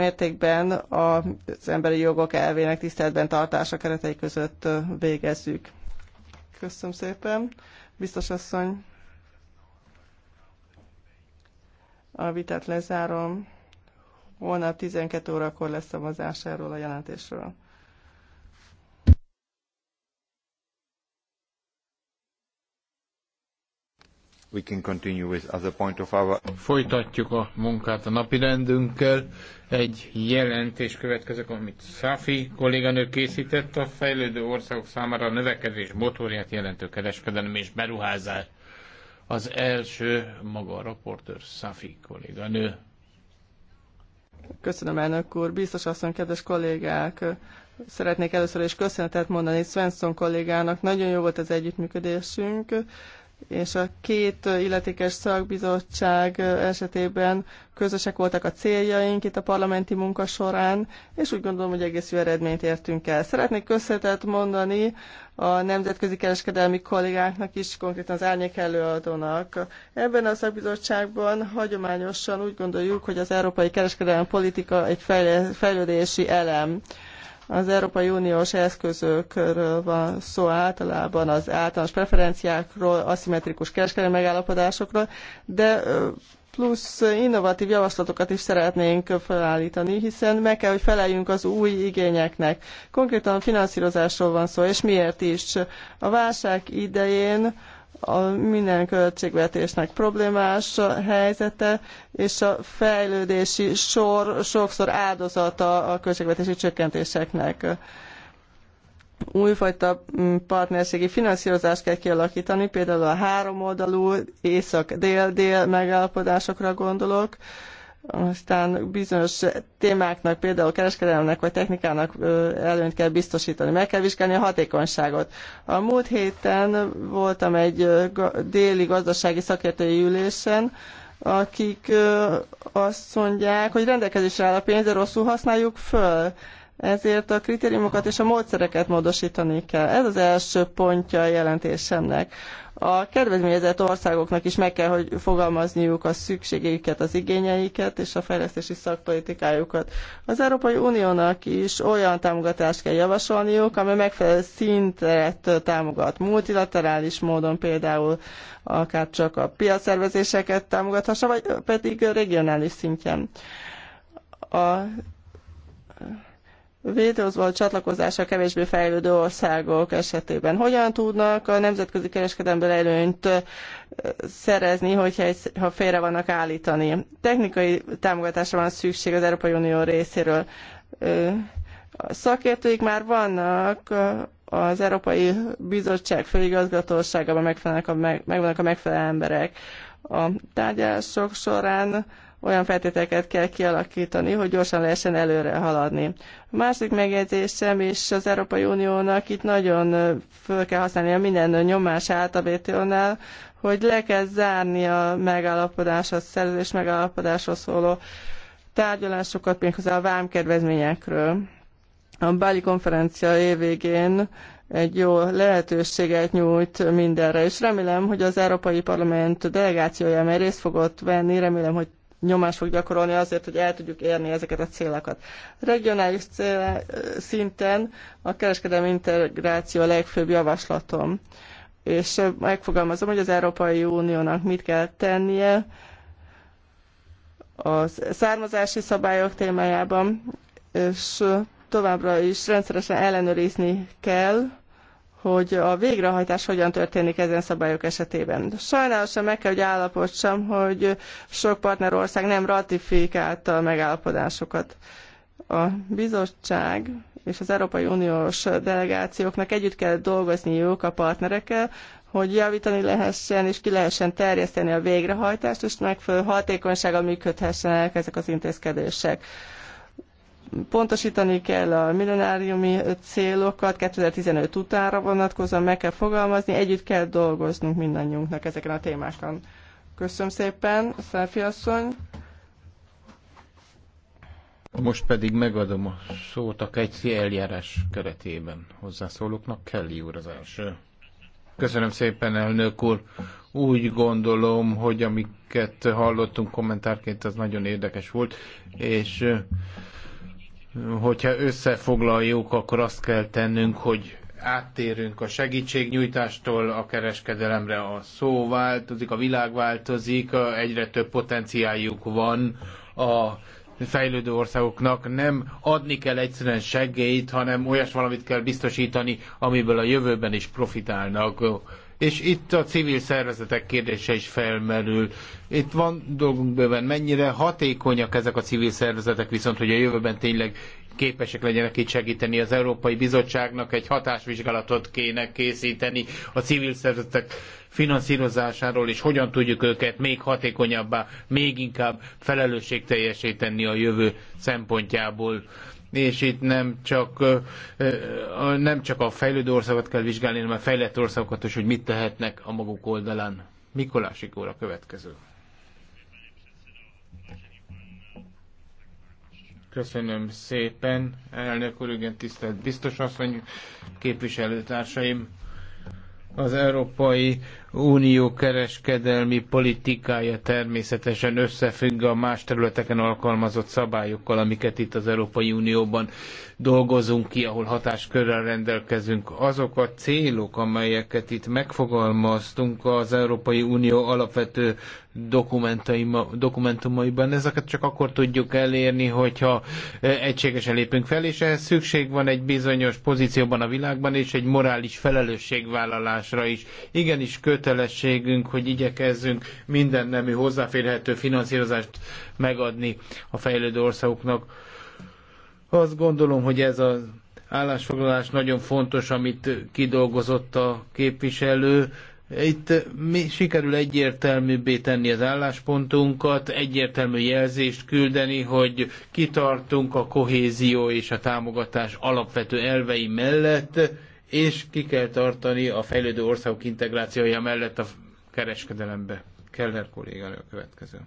mértékben az emberi jogok elvének tiszteletben tartása keretei között végezzük. Köszönöm szépen. Biztos asszony, a vitát lezárom. Holnap 12 órakor lesz szavazás erről a jelentésről. we can continue with other point of our... Folytatjuk a munkát a napi rendünkkel. Egy jelentés következik, amit Száfi kolléganő készített a fejlődő országok számára a növekedés motorját jelentő kereskedelem és beruházás. Az első maga a raportőr Száfi kolléganő. Köszönöm, elnök úr. Biztos asszony, kedves kollégák, szeretnék először is köszönetet mondani Svensson kollégának. Nagyon jó volt az együttműködésünk és a két illetékes szakbizottság esetében közösek voltak a céljaink itt a parlamenti munka során, és úgy gondolom, hogy egész jó eredményt értünk el. Szeretnék köszönetet mondani a nemzetközi kereskedelmi kollégáknak is, konkrétan az árnyék előadónak. Ebben a szakbizottságban hagyományosan úgy gondoljuk, hogy az európai kereskedelmi politika egy fejlődési elem az Európai Uniós eszközökről van szó általában az általános preferenciákról, aszimmetrikus kereskedelmi megállapodásokról, de plusz innovatív javaslatokat is szeretnénk felállítani, hiszen meg kell, hogy feleljünk az új igényeknek. Konkrétan a finanszírozásról van szó, és miért is. A válság idején a minden költségvetésnek problémás a helyzete, és a fejlődési sor sokszor áldozata a költségvetési csökkentéseknek. Újfajta mm, partnerségi finanszírozást kell kialakítani, például a háromoldalú észak-dél-dél megállapodásokra gondolok, aztán bizonyos témáknak, például kereskedelemnek vagy technikának előnyt kell biztosítani. Meg kell vizsgálni a hatékonyságot. A múlt héten voltam egy déli gazdasági szakértői ülésen, akik azt mondják, hogy rendelkezésre áll a pénz, de rosszul használjuk föl. Ezért a kritériumokat és a módszereket módosítani kell. Ez az első pontja a jelentésemnek. A kedvezményezett országoknak is meg kell, hogy fogalmazniuk a szükségeiket, az igényeiket és a fejlesztési szakpolitikájukat. Az Európai Uniónak is olyan támogatást kell javasolniuk, amely megfelelő szintet támogat multilaterális módon például akár csak a piacszervezéseket támogathassa, vagy pedig regionális szinten. A vétózval csatlakozása kevésbé fejlődő országok esetében. Hogyan tudnak a nemzetközi kereskedelemből előnyt szerezni, hogyha egy, ha félre vannak állítani? Technikai támogatásra van szükség az Európai Unió részéről. A szakértőik már vannak, az Európai Bizottság főigazgatóságában a, megvannak a megfelelő emberek. A tárgyalások során olyan feltételeket kell kialakítani, hogy gyorsan lehessen előre haladni. A másik megjegyzésem, és az Európai Uniónak itt nagyon föl kell használnia minden nyomását a WTO-nál, hogy le kell zárni a megállapodáshoz, szerződés megállapodáshoz szóló tárgyalásokat, méghozzá a vámkedvezményekről. A Bali konferencia évvégén egy jó lehetőséget nyújt mindenre, és remélem, hogy az Európai Parlament delegációja, amely részt fogott venni, remélem, hogy nyomást fog gyakorolni azért, hogy el tudjuk érni ezeket a célokat. Regionális cél eh, szinten a kereskedelmi integráció a legfőbb javaslatom, és eh, megfogalmazom, hogy az Európai Uniónak mit kell tennie a származási szabályok témájában, és eh, továbbra is rendszeresen ellenőrizni kell, hogy a végrehajtás hogyan történik ezen szabályok esetében. Sajnálosan meg kell, hogy állapodsam, hogy sok partnerország nem ratifikálta a megállapodásokat. A bizottság és az Európai Uniós delegációknak együtt kell dolgozniuk a partnerekkel, hogy javítani lehessen és ki lehessen terjeszteni a végrehajtást, és megfelelő hatékonysággal működhessenek ezek az intézkedések pontosítani kell a millenáriumi célokat, 2015 utánra vonatkozóan meg kell fogalmazni, együtt kell dolgoznunk mindannyiunknak ezeken a témákon. Köszönöm szépen, Szelfi asszony! Most pedig megadom a szót a kegyfi eljárás keretében hozzászólóknak. Kelly úr az első. Köszönöm szépen, elnök úr. Úgy gondolom, hogy amiket hallottunk kommentárként, az nagyon érdekes volt, és Hogyha összefoglaljuk, akkor azt kell tennünk, hogy áttérünk a segítségnyújtástól a kereskedelemre, a szó változik, a világ változik, egyre több potenciáljuk van a fejlődő országoknak nem adni kell egyszerűen segélyt, hanem olyas valamit kell biztosítani, amiből a jövőben is profitálnak. És itt a civil szervezetek kérdése is felmerül. Itt van dolgunk bőven, mennyire hatékonyak ezek a civil szervezetek viszont, hogy a jövőben tényleg képesek legyenek itt segíteni. Az Európai Bizottságnak egy hatásvizsgálatot kéne készíteni a civil szervezetek finanszírozásáról, és hogyan tudjuk őket még hatékonyabbá, még inkább felelősségteljesíteni a jövő szempontjából és itt nem csak, nem csak a fejlődő országokat kell vizsgálni, hanem a fejlett országokat is, hogy mit tehetnek a maguk oldalán. Mikolásik óra következő. Köszönöm szépen, elnök úr, igen, tisztelt biztos asszony, képviselőtársaim. Az európai Unió kereskedelmi politikája természetesen összefügg a más területeken alkalmazott szabályokkal, amiket itt az Európai Unióban dolgozunk ki, ahol hatáskörrel rendelkezünk. Azok a célok, amelyeket itt megfogalmaztunk az Európai Unió alapvető dokumentumaiban, ezeket csak akkor tudjuk elérni, hogyha e, egységesen lépünk fel, és ehhez szükség van egy bizonyos pozícióban a világban, és egy morális felelősségvállalásra is. Igenis köt kötelességünk, hogy igyekezzünk minden nemű hozzáférhető finanszírozást megadni a fejlődő országoknak. Azt gondolom, hogy ez az állásfoglalás nagyon fontos, amit kidolgozott a képviselő. Itt mi sikerül egyértelműbbé tenni az álláspontunkat, egyértelmű jelzést küldeni, hogy kitartunk a kohézió és a támogatás alapvető elvei mellett, és ki kell tartani a fejlődő országok integrációja mellett a kereskedelembe. Keller kolléga a következő.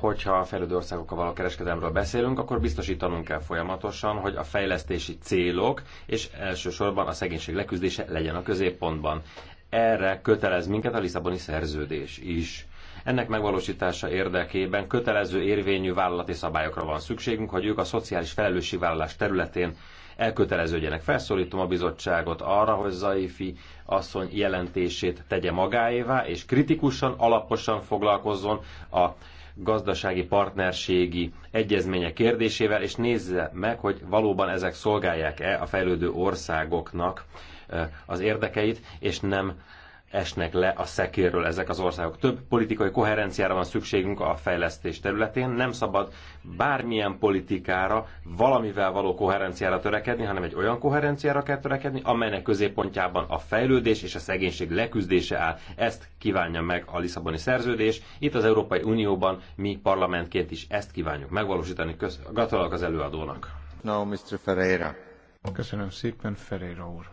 Hogyha a fejlődő országokkal való kereskedelemről beszélünk, akkor biztosítanunk kell folyamatosan, hogy a fejlesztési célok és elsősorban a szegénység leküzdése legyen a középpontban. Erre kötelez minket a Lisszaboni szerződés is ennek megvalósítása érdekében kötelező érvényű vállalati szabályokra van szükségünk, hogy ők a szociális felelősségvállalás területén elköteleződjenek. Felszólítom a bizottságot arra, hogy Zaifi asszony jelentését tegye magáévá, és kritikusan, alaposan foglalkozzon a gazdasági partnerségi egyezmények kérdésével, és nézze meg, hogy valóban ezek szolgálják-e a fejlődő országoknak eh, az érdekeit, és nem esnek le a szekérről ezek az országok. Több politikai koherenciára van szükségünk a fejlesztés területén. Nem szabad bármilyen politikára valamivel való koherenciára törekedni, hanem egy olyan koherenciára kell törekedni, amelynek középpontjában a fejlődés és a szegénység leküzdése áll. Ezt kívánja meg a Lisszaboni szerződés. Itt az Európai Unióban mi parlamentként is ezt kívánjuk megvalósítani. Gratulálok az előadónak. No, Mr. Ferreira. Köszönöm szépen, Ferreira úr.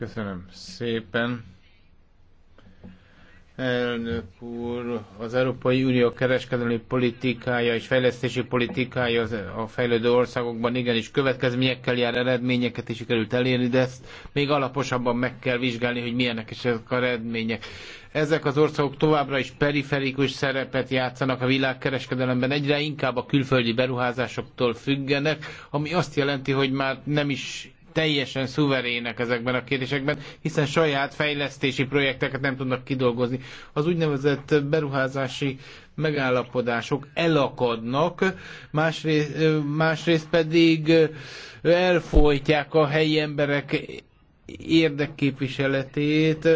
Köszönöm szépen. Elnök úr, az Európai Unió kereskedelmi politikája és fejlesztési politikája a fejlődő országokban igenis következményekkel jár, eredményeket is sikerült elérni, de ezt még alaposabban meg kell vizsgálni, hogy milyenek is ezek a eredmények. Ezek az országok továbbra is periferikus szerepet játszanak a világkereskedelemben, egyre inkább a külföldi beruházásoktól függenek, ami azt jelenti, hogy már nem is teljesen szuverének ezekben a kérdésekben, hiszen saját fejlesztési projekteket nem tudnak kidolgozni. Az úgynevezett beruházási megállapodások elakadnak, másrészt, másrészt pedig elfolytják a helyi emberek érdekképviseletét,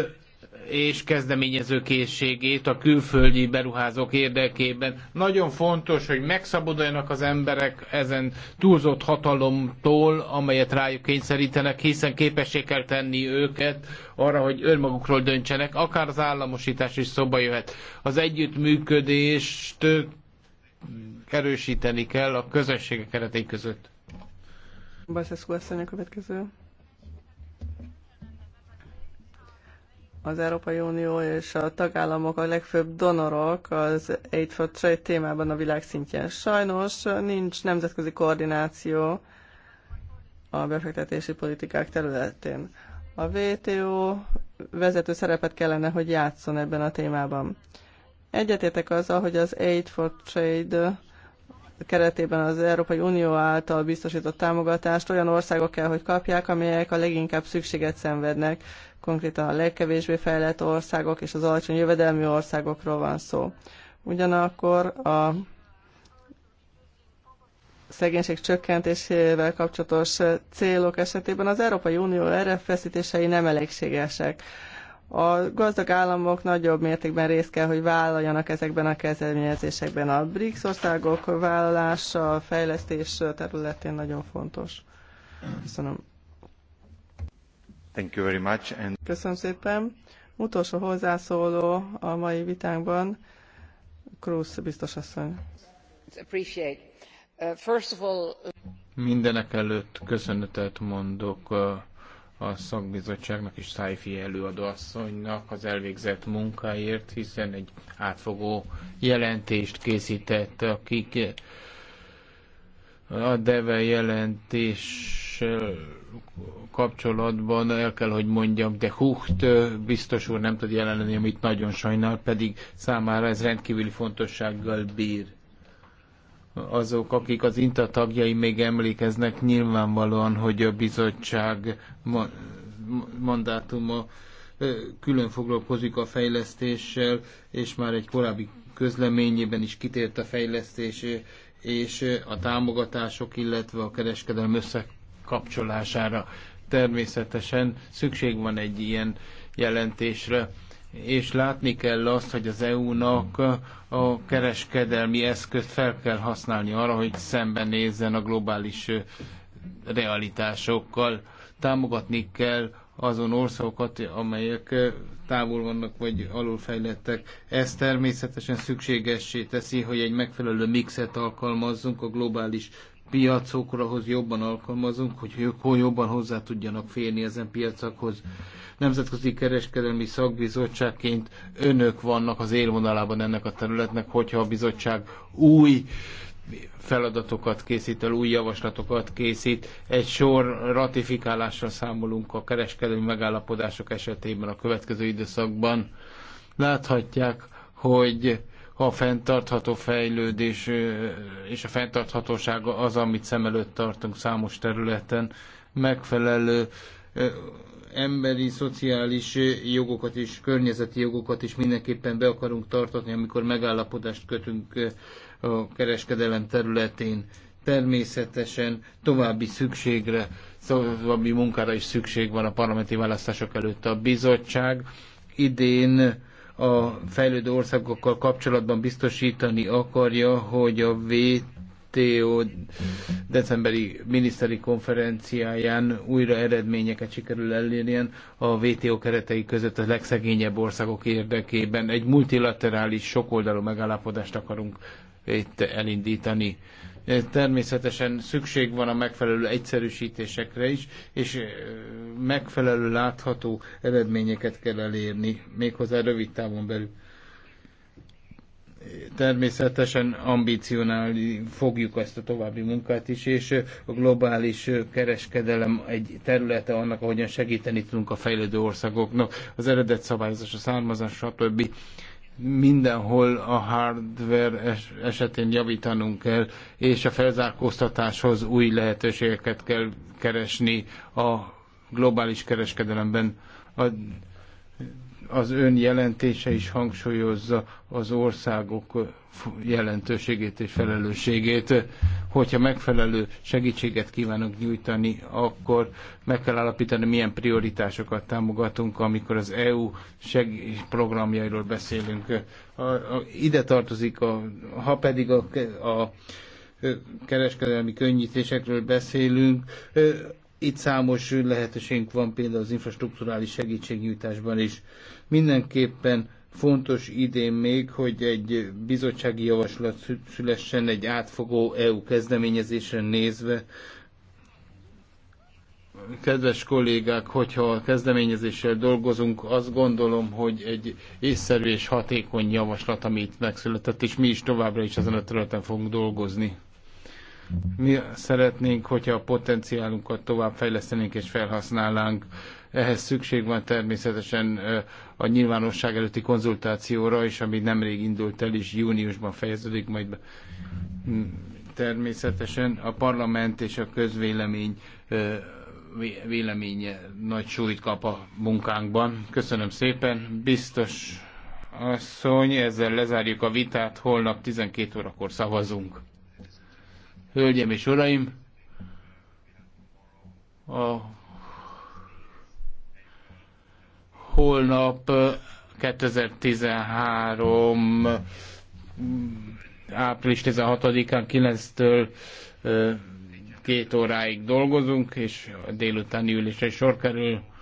és kezdeményező készségét a külföldi beruházók érdekében. Nagyon fontos, hogy megszabaduljanak az emberek ezen túlzott hatalomtól, amelyet rájuk kényszerítenek, hiszen képessé kell tenni őket arra, hogy önmagukról döntsenek, akár az államosítás is szoba jöhet. Az együttműködést erősíteni kell a közösségek keretei között. Bajszeszkó asszony a következő. az Európai Unió és a tagállamok a legfőbb donorok az Aid for Trade témában a világ szintjén. Sajnos nincs nemzetközi koordináció a befektetési politikák területén. A WTO vezető szerepet kellene, hogy játszon ebben a témában. Egyetértek azzal, hogy az Aid for Trade keretében az Európai Unió által biztosított támogatást olyan országok kell, hogy kapják, amelyek a leginkább szükséget szenvednek, konkrétan a legkevésbé fejlett országok és az alacsony jövedelmű országokról van szó. Ugyanakkor a szegénység csökkentésével kapcsolatos célok esetében az Európai Unió erőfeszítései nem elégségesek. A gazdag államok nagyobb mértékben részt kell, hogy vállaljanak ezekben a kezdeményezésekben. A BRICS országok vállalása a fejlesztés területén nagyon fontos. Köszönöm. Thank you very much. And... Köszönöm szépen. Utolsó hozzászóló a mai vitánkban, Krusz biztos asszony. Uh, all... Mindenek előtt köszönetet mondok uh, a szakbizottságnak és Szájfi előadóasszonynak az elvégzett munkáért, hiszen egy átfogó jelentést készített, akik a DEVE jelentés kapcsolatban el kell, hogy mondjam, de Hucht biztos úr nem tud jelen amit nagyon sajnál, pedig számára ez rendkívüli fontossággal bír. Azok, akik az INTA tagjai még emlékeznek, nyilvánvalóan, hogy a bizottság mandátuma külön foglalkozik a fejlesztéssel, és már egy korábbi közleményében is kitért a fejlesztés és a támogatások, illetve a kereskedelmi összek kapcsolására. Természetesen szükség van egy ilyen jelentésre, és látni kell azt, hogy az EU-nak a kereskedelmi eszközt fel kell használni arra, hogy szembenézzen a globális realitásokkal. Támogatni kell azon országokat, amelyek távol vannak vagy alulfejlettek. Ez természetesen szükségessé teszi, hogy egy megfelelő mixet alkalmazzunk a globális hoz jobban alkalmazunk, hogy ők hol jobban hozzá tudjanak férni ezen piacokhoz. Nemzetközi Kereskedelmi Szakbizottságként önök vannak az élvonalában ennek a területnek, hogyha a bizottság új feladatokat készít el, új javaslatokat készít. Egy sor ratifikálásra számolunk a kereskedelmi megállapodások esetében a következő időszakban. Láthatják, hogy a fenntartható fejlődés és a fenntarthatósága az, amit szem előtt tartunk számos területen, megfelelő emberi, szociális jogokat és környezeti jogokat is mindenképpen be akarunk tartatni, amikor megállapodást kötünk a kereskedelem területén. Természetesen további szükségre, további munkára is szükség van a parlamenti választások előtt. A bizottság idén a fejlődő országokkal kapcsolatban biztosítani akarja, hogy a WTO decemberi miniszteri konferenciáján újra eredményeket sikerül elérjen a WTO keretei között a legszegényebb országok érdekében. Egy multilaterális sokoldalú megállapodást akarunk itt elindítani. Eh, természetesen szükség van a megfelelő egyszerűsítésekre is, és eh, megfelelő látható eredményeket kell elérni, méghozzá rövid távon belül. Természetesen ambicionálni fogjuk ezt a további munkát is, és eh, a globális kereskedelem egy területe annak, ahogyan segíteni tudunk a fejlődő országoknak, az eredet szabályozás, a származás, stb mindenhol a hardware esetén javítanunk kell, és a felzárkóztatáshoz új lehetőségeket kell keresni a globális kereskedelemben. A az ön jelentése is hangsúlyozza az országok jelentőségét és felelősségét. Hogyha megfelelő segítséget kívánunk nyújtani, akkor meg kell állapítani, milyen prioritásokat támogatunk, amikor az EU programjairól beszélünk. A, a, ide tartozik, a, ha pedig a, a kereskedelmi könnyítésekről beszélünk, itt számos lehetőségünk van például az infrastruktúrális segítségnyújtásban is. Mindenképpen fontos idén még, hogy egy bizottsági javaslat szülessen egy átfogó EU kezdeményezésre nézve. Kedves kollégák, hogyha a kezdeményezéssel dolgozunk, azt gondolom, hogy egy észszerű és hatékony javaslat, amit megszületett, és mi is továbbra is ezen a területen fogunk dolgozni. Mi szeretnénk, hogyha a potenciálunkat tovább fejlesztenénk és felhasználnánk. Ehhez szükség van természetesen a nyilvánosság előtti konzultációra, és ami nemrég indult el, és júniusban fejeződik majd be. Hm, természetesen a parlament és a közvélemény véleménye nagy súlyt kap a munkánkban. Köszönöm szépen. Biztos asszony, ezzel lezárjuk a vitát, holnap 12 órakor szavazunk. Hölgyem és Uraim, a holnap 2013 mm, április 16-án 9-től 2 óráig dolgozunk, és a délutáni ülésre sor kerül.